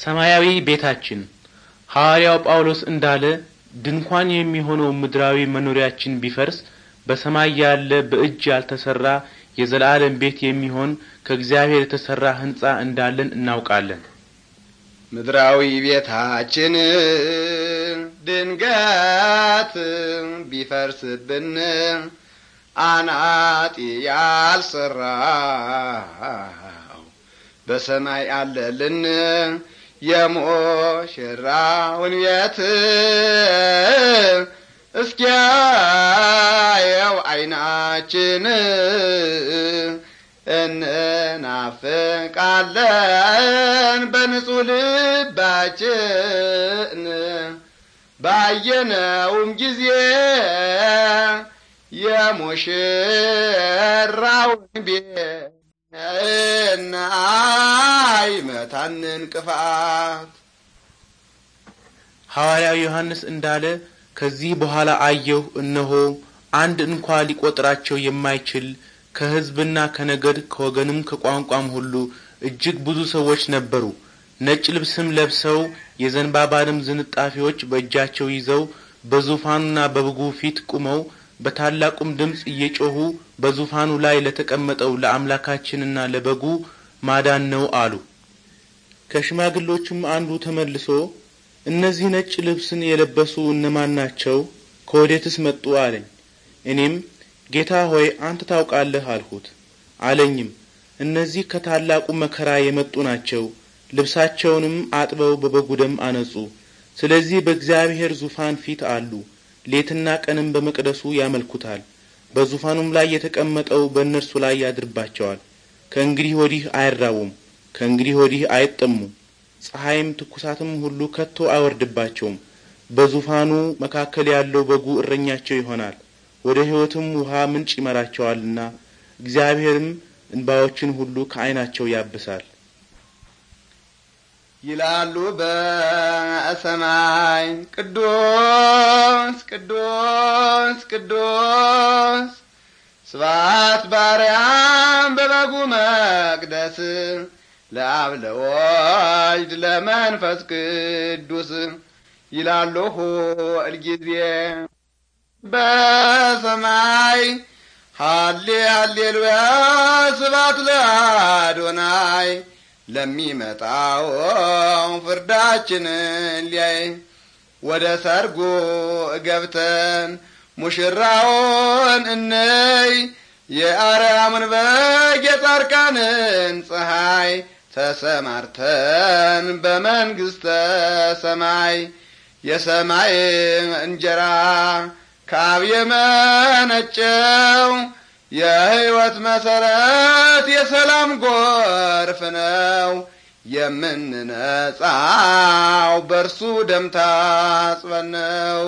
ሰማያዊ ቤታችን ሐዋርያው ጳውሎስ እንዳለ ድንኳን የሚሆነው ምድራዊ መኖሪያችን ቢፈርስ በሰማይ ያለ በእጅ ያልተሰራ የዘላለም ቤት የሚሆን ከእግዚአብሔር የተሰራ ሕንጻ እንዳለን እናውቃለን። ምድራዊ ቤታችን ድንገት ቢፈርስብን አናጢ ያልሰራው በሰማይ አለልን። የሙሽራውን ቤት እስኪያየው ዓይናችን እንናፍቃለን በንጹሕ ልባችን ባየነውም ጊዜ የሙሽራውን ቤት እናይ መታን እንቅፋት ሐዋርያው ዮሐንስ እንዳለ ከዚህ በኋላ አየሁ፣ እነሆ አንድ እንኳ ሊቆጥራቸው የማይችል ከሕዝብና ከነገድ ከወገንም ከቋንቋም ሁሉ እጅግ ብዙ ሰዎች ነበሩ። ነጭ ልብስም ለብሰው የዘንባባንም ዝንጣፊዎች በእጃቸው ይዘው በዙፋኑና በበጉ ፊት ቁመው በታላቁም ድምፅ እየጮኹ በዙፋኑ ላይ ለተቀመጠው ለአምላካችንና ለበጉ ማዳን ነው አሉ። ከሽማግሎቹም አንዱ ተመልሶ እነዚህ ነጭ ልብስን የለበሱ እነማን ናቸው? ከወዴትስ መጡ? አለኝ። እኔም ጌታ ሆይ አንተ ታውቃለህ አልሁት። አለኝም እነዚህ ከታላቁ መከራ የመጡ ናቸው። ልብሳቸውንም አጥበው በበጉ ደም አነጹ። ስለዚህ በእግዚአብሔር ዙፋን ፊት አሉ። ሌትና ቀንም በመቅደሱ ያመልኩታል። በዙፋኑም ላይ የተቀመጠው በእነርሱ ላይ ያድርባቸዋል። ከእንግዲህ ወዲህ አይራቡም፣ ከእንግዲህ ወዲህ አይጠሙም፣ ፀሐይም ትኩሳትም ሁሉ ከቶ አይወርድባቸውም። በዙፋኑ መካከል ያለው በጉ እረኛቸው ይሆናል፣ ወደ ሕይወትም ውሃ ምንጭ ይመራቸዋልና። እግዚአብሔርም እንባዎችን ሁሉ ከዓይናቸው ያብሳል። ይላሉ በሰማይ ቅዱስ ቅዱስ ቅዱስ ስባት ባርያም በበጉ መቅደስ ለአብ ለወልድ ለመንፈስ ቅዱስ ይላሉ ሁልጊዜ በሰማይ ሃሌ ሃሌሉያ ስባት ለአዶናይ ለሚመጣው ፍርዳችን ሊያይ ወደ ሰርጉ ገብተን ሙሽራውን እነይ የአርያምን በግ ፀሐይ ተሰማርተን በመንግሥተ ሰማይ የሰማይ እንጀራ ካብ የመነጨው የሕይወት መሰረት የሰላም ጎርፍ ነው። የምንነጻው በእርሱ ደም ታጥበን ነው።